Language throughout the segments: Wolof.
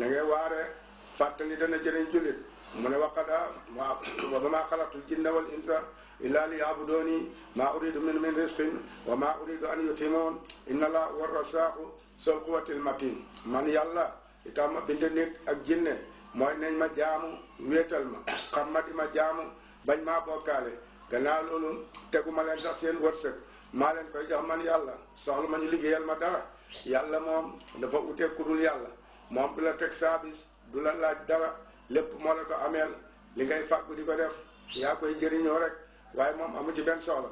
na ngay waare fàttali dana jëriñ jullit mu ne waqada wa ma xalaqtul jinna wal insa illa li yabuduni ma uridu min min risqin wa ma uridu an yutimoon inna la wa rasaqu sol quwatil matin man yàlla itam ma bind nit ak jinne mooy nañ ma jaamu wéetal ma xam ma ma jaamu bañ ma bokkaale gannaaw loolu tegu ma leen sax seen wërsëg maa leen koy jox man yàlla soxla ma ñu liggéeyal ma dara yàlla moom dafa uteeg ku dul yàlla moom du la teg saabis du la laaj dara lépp moo la ko li ngay di def yaa koy jëriñoo rek waaye amu ci benn soxla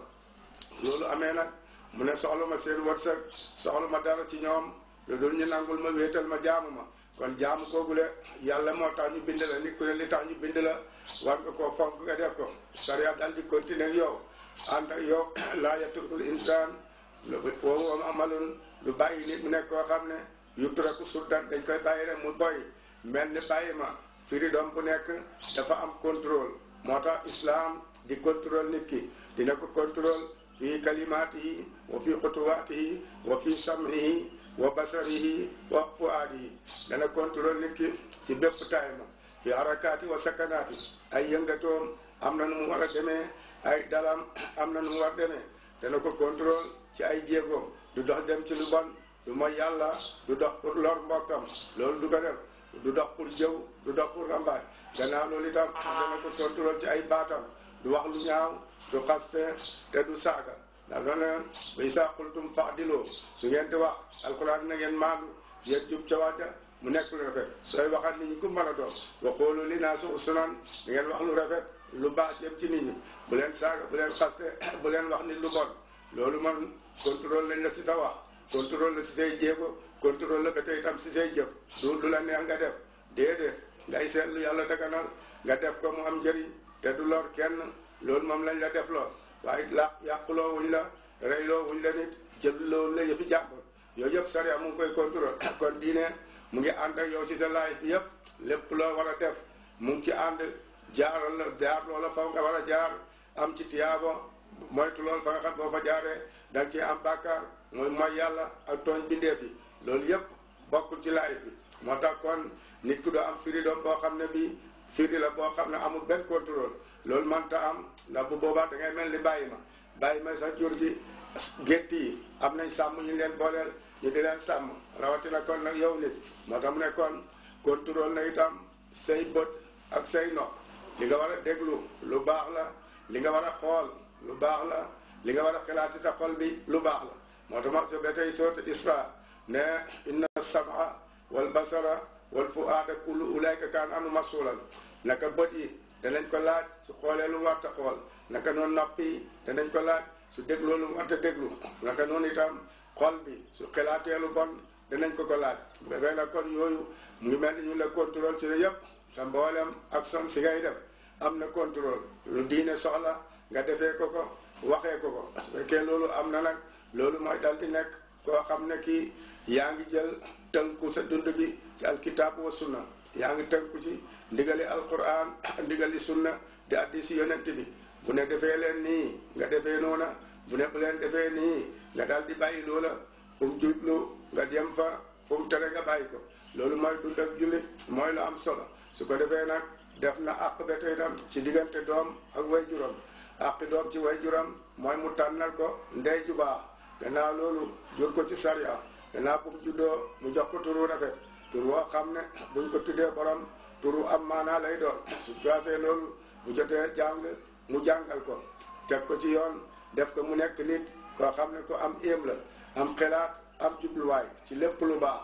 amena, amee nag mu ne soxla ma seen wërsëg soxla ma dara ci ñoom lu dul ñu nangul ma wéetal ma jaamu ma kon jaamu koogule yàlla moo tax ñu bind la nit ku ne li tax ñu bind la war nga koo fonk nga def ko sariya daal di continuer yow ànd ak yow laa yatrukul insaan lu amalun lu bàyyi nit mu nekk yutraku sultan dañ koy bàyyi rek mu doy mel ni bàyyi ma firi doom bu nekk dafa am contrôle moo tax islaam di contrôle nit ki dina ko contrôle fi kalimaatihi wa fi xutuwaatihi wa fi sam'ihi wa basarihi wa fuaadihi dana contrôle nit ki ci bépp taay ma fi harakaati wa sakanaati ay yëngatoom am na nu mu war a demee ay dalam am na nu mu war demee dana ko contrôle ci ay jéegoom du dox dem ci lu du mooy yàlla du dox pour lor mbokkam loolu du ko def du dox pour jëw du dox pour rambaaj gannaaw loolu itam dana anu ko tontu lool ci ay baatam du wax lu ñaaw du xaste te du nah, saaga ndax loolu ne ba qultum faadiloo su ngeen di wax alquran na ngeen maandu yéen jub ca wàcca mu nekk lu rafet sooy waxaat nit ñi ku mën a li naa su ngeen wax lu rafet lu baax jëm ci nit ñi bu leen saaga bu leen xaste bu leen wax nit lu bon loolu man contrôle lañ la si sa wax contrôle la si say jéego contrôle la ba tey itam si say jëf du du la neex nga def déedéet ngay seetlu yàlla daganal nga def ko mu am njëriñ te du lor kenn loolu moom lañ la def loo waaye la yàquloo wuñ la reyloo wuñ la nit jëluloo la yëfi jàmbur yooyu yëpp sariya mu ngi koy contrôle kon diine mu ngi ànd ak yow ci sa life bi yëpp lépp loo war a def mu ngi ci ànd jaaral la jaar loola faw nga war a jaar am ci tiyaabo moytu loolu fa nga xam boo fa jaaree da nga ci am bàkkaar mooy mooy yàlla ak tooñ bindeef yi loolu yépp bokkul ci laayif bi moo tax kon nit ku doo am firi doom boo xam ne bi di la boo xam ne amul benn contrôle loolu mënta am ndax bu boobaa da ngay mel ni bàyyi ma bàyyi ma sax jur gi gétt yi am nañ sàmm yi leen booleel ñu di leen sàmm rawatina kon nag yow nit moo tax mu ne kon contrôle na itam say bët ak say nopp li nga war a déglu lu baax la li nga war a xool lu baax la li nga war a xalaat ci sa xol bi lu baax la مدمرت بيتي سورة إسراء نا إن السبع والبصر والفؤاد كل أولئك كان عنه مسؤولا نكا بدي دنن كلاج سقول لهم وقت قول نكا نون نقي دنن كلاج سدق لهم وقت دقلو نكا نون إتام قول بي سقلات يلوبان دنن كلاج بفين أكون يويو ممن يولا كنترول سيجب سنبولم أكسن سيجايدف أمنا كنترول ندين سؤالا غدفه كوكو وخه كوكو بكي لولو أمنا لك loolu mooy dal di nekk koo xam ne kii yaa ngi jël tënku sa dund gi ci alkitaab wa sunna yaa ngi tënku ci ndigali alquran ndigali sunna di addi si yonent bi bu ne defee leen nii nga defee noona bu ne bu leen defee nii nga dal di bàyyi loola fu mu jublu nga dem fa fu mu tere nga bàyyi ko loolu mooy dund ak mooy lu am solo su ko defee nag def na ak ba tey ci diggante doom ak way juram àqi doom ci way juram mooy mu tànnal ko ndey ju baax gannaaw loolu jur ko ci sariya gannaaw bu mu juddoo mu jox ko turu rafet tur woo xam ne buñ ko tuddee borom turu am maanaa lay doon su passé loolu bu jotee jàng mu jàngal ko teg ko ci yoon def ko mu nekk nit koo xam ne ko am éem la am xelaat am jubluwaay ci lépp lu baax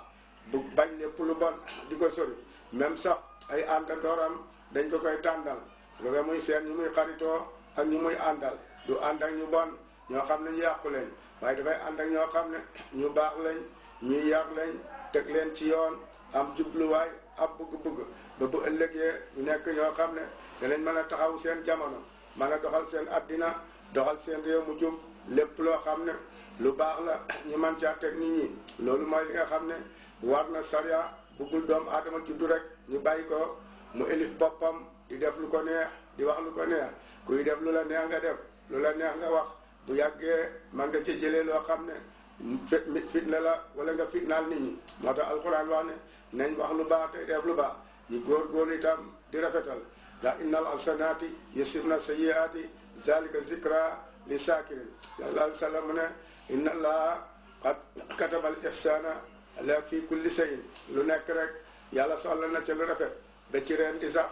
bu bañ lépp lu bon di ko sori même sax ay àndandooram dañ ko koy tàndal loolu muy seen ñu muy xaritoo ak ñu muy àndal du ànd ak ñu bon ñoo xam ne ñu yàqu waaye dafay ànd ak ñoo xam ne ñu baax lañ ñu yar lañ teg leen ci yoon am jubluwaay am bëgg-bëgg ba bu ëllëgee ñu nekk ñoo xam ne danañ mën a taxaw seen jamono mën a doxal seen addina doxal seen réew mu jub lépp loo xam ne lu baax la ñu mën caa teg nit ñi loolu mooy li nga xam ne war na sariya buggul doom aadama juddu rek ñu bàyyi ko mu élif boppam di def lu ko neex di wax lu ko neex kuy def lu la neex nga def lu la neex nga wax bu yàggee man nga ci jëlee loo xam ne fit fitna la wala nga fitnaal nit ñi moo tax alquran wax ne nañ wax lu baax tey def lu baax ñu góorgóorlu itam di rafetal ndax innal asanaati na sayiaati zalika zikra li saakirin yàlla salaam ne inna allaha qad katabal ihsana ala fi kulli sayin lu nekk rek yàlla soxla na ca lu rafet ba ci reen di sax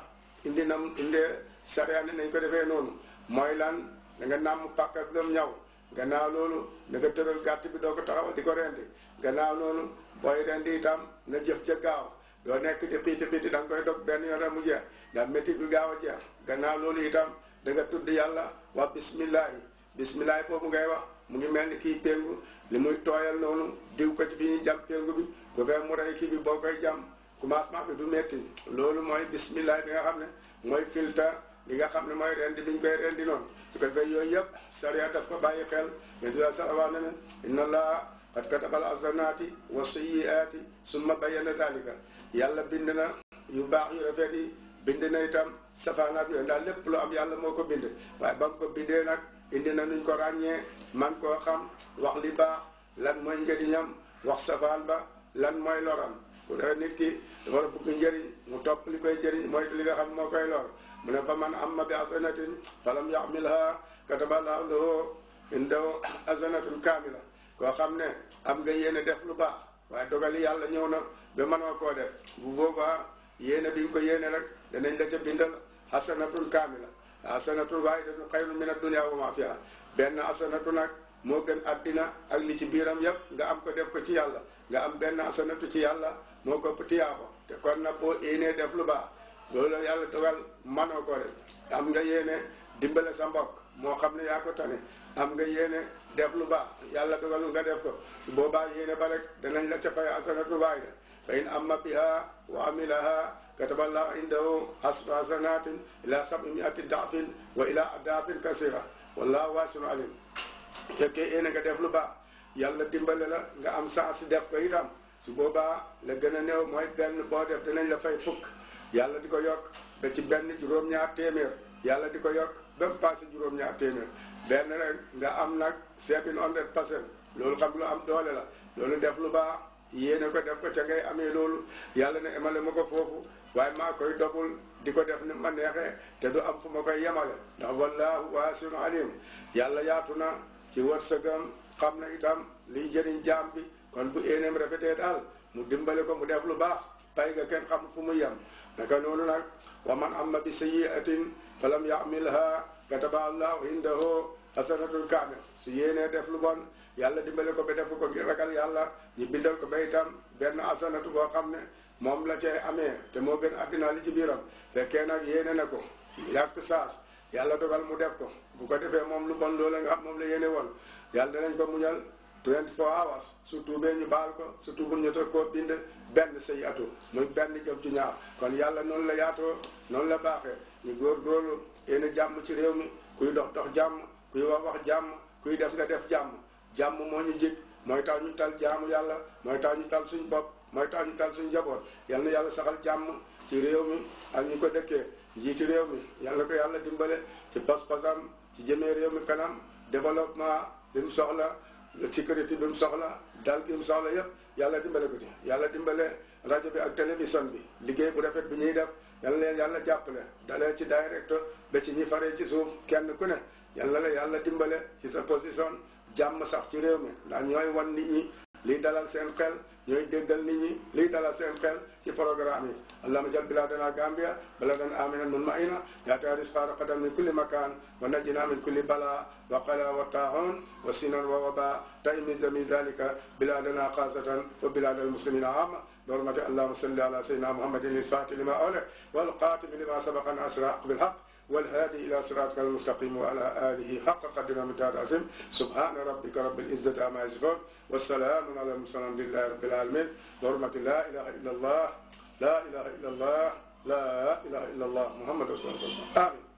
indi nam indee sariyaani nañ ko defee noonu mooy lan danga namm pàkkat bi doon ñaw gannaaw loolu naga tëral gàtt bi doo ko taxawal di ko rendi gannaaw noonu booy rendi itam na jëf ca gaaw doo nekk di xiiti xiiti da nga koy dog benn yore mu jeex ndax métit bi gaaw a jeex gannaaw loolu itam danga tudd yàlla wa bismillahi bismillahi boobu ngay wax mu ngi mel ni kii péngu li muy tooyal noonu diw ko ci fi ñu jam péngu bi ku fee mu rey kii bi boo koy jam commencement bi du métti loolu mooy bismillahi bi nga xam ne mooy filtre li nga xam ne mooy rendi bi ñu koy rendi noonu su ko defee yooyu yëpp sariya def ko bàyyi xel yéen dila sax wax na ne inna allaha qad katabal asanaati wa sayiaati summa bayyana dalika yàlla bind na yu baax yu rafet yi bind na itam safaanaat daal lépp lu am yàlla moo ko bind waaye ba mu ko bindee nag indi na nuñ ko ràññee man koo xam wax li baax lan mooy njëriñam wax safaan ba lan mooy loram bu defee nit ki dafa bugg njëriñ mu topp li koy jëriñ mooy li nga xam moo koy lor mu ne fa man amma bi asanatin falam yaxmilha kataba laahu lahu indahu asanatun kaamila koo xam ne am nga yéene def lu baax waaye dogali yàlla ñëw na ba mënoo koo def bu boobaa yéene bi nga ko yéene rek danañ la ca bindal hasanatun kaamila hasanatun waahidatun xayrun min ad-dunya wa ma fiha benn hasanatu nag moo gën addina ak li ci biiram yëpp nga am ko def ko ci yàlla nga am benn assenatu ci yàlla moo ko ëpp tiyaaba te kon na boo yéenee def lu baax loolu la yàlla dogal manoo am nga yéene dimbale sa mbokk moo xam ne yaa ko tane am nga yéene def lu baax yàlla dogalul nga def ko su boobaa yéene ba rek danañ la ca fay asanatu baay de fa in amma biha wa amilaha kataba llahu indahu asra hasanatin ila sabimiati daafin wa ila adaafin kasira wallahu waasiun alim fekkee yéene nga def lu baax yàlla dimbale la nga am chance def ko itam su boobaa la gën a néew mooy benn boo def danañ la fay fukk yàlla di ko yokk ba ci benn juróom-ñaar téeméer yàlla di ko yokk ba mu passé juróom-ñaar téeméer benn rek nga am nag seven hundred percent loolu xam lu am doole la loolu def lu baax yéene ko def ko ca ngay amee loolu yàlla na emale ma ko foofu waaye maa koy dogul di ko def ni ma neexee te du am fu ma koy yemale ndax wallaahu waasiun alim yàlla yaatu na ci wërsëgam xam na itam liy jëriñ jaam bi kon bu éeneem rafetee daal mu dimbale ko mu def lu baax pay ga kenn xam fu mu yem naka noonu nag wa man am amma bi sayyi'atin fa lam ya'milha kataba allahu indahu hasanatul kaamil su yéenee def lu bon yàlla dimbale ko ba defu ko ngir ragal yàlla ñu bindal ko ba itam benn tu boo xam ne moom la cay amee te moo gën addinaa li ci biiram fekkee nag yéene na ko yàq saas yàlla dogal mu def ko bu ko defee moom lu bon loola nga am moom la yéene woon yàlla danañ ko muñal 24 hours surtout tuubee ñu baal ko surtout tuubul ñu teg koo bind benn say atu muy benn jëf ci ñaaw kon yàlla noonu la yaatoo noonu la baaxee ñu góor góorgóorlu yéen jàmm ci réew mi kuy dox dox jàmm kuy wax wax jàmm kuy def nga def jàmm jàmm moo ñu jig mooy tax ñu tal jaamu yàlla mooy tax ñu tal suñ bopp mooy tax ñu tal suñ njaboot yal na yàlla saxal jàmm ci réew mi ak ñu ko dëkkee njiiti réew mi yàlla na ko yàlla dimbale ci pas-pasam ci jëmee réew mi kanam développement bi mu sécurité bi mu soxla daal gi mu soxla yëpp yàlla dimbale ko ci yàlla dimbale rajo bi ak télévision bi liggéey bu rafet bi ñuy def yal leen yàlla jàppale dalee ci direct ba ci ñi faree ci suuf kenn ku ne yal na yàlla dimbale ci sa position jàmm sax ci réew mi ndax ñooy wan nit ñi li dalal seen xel ñooy déggal nit ñi liy dalal seen xel ci programme yi allahumma jal biladana gambia baladan aminan mutmaina yaata risqa raqadan min kulli makan wa najina min kulli bala wa qala wa taahun wa sinan wa waba taimi jami dalika biladana xasatan wa bilad almuslimina ama برمة اللهم صل على سيدنا محمد الفاتح لما أولك والقاتم لما سبق أسرع بالحق والهادي إلى صراطك المستقيم وعلى آله حق قدر مدار عظيم سبحان ربك رب العزة عما يصفون والسلام على المرسلين لله رب العالمين بحرمة لا إله إلا الله لا إله إلا الله لا إله إلا الله محمد رسول الله صلى الله عليه وسلم آمين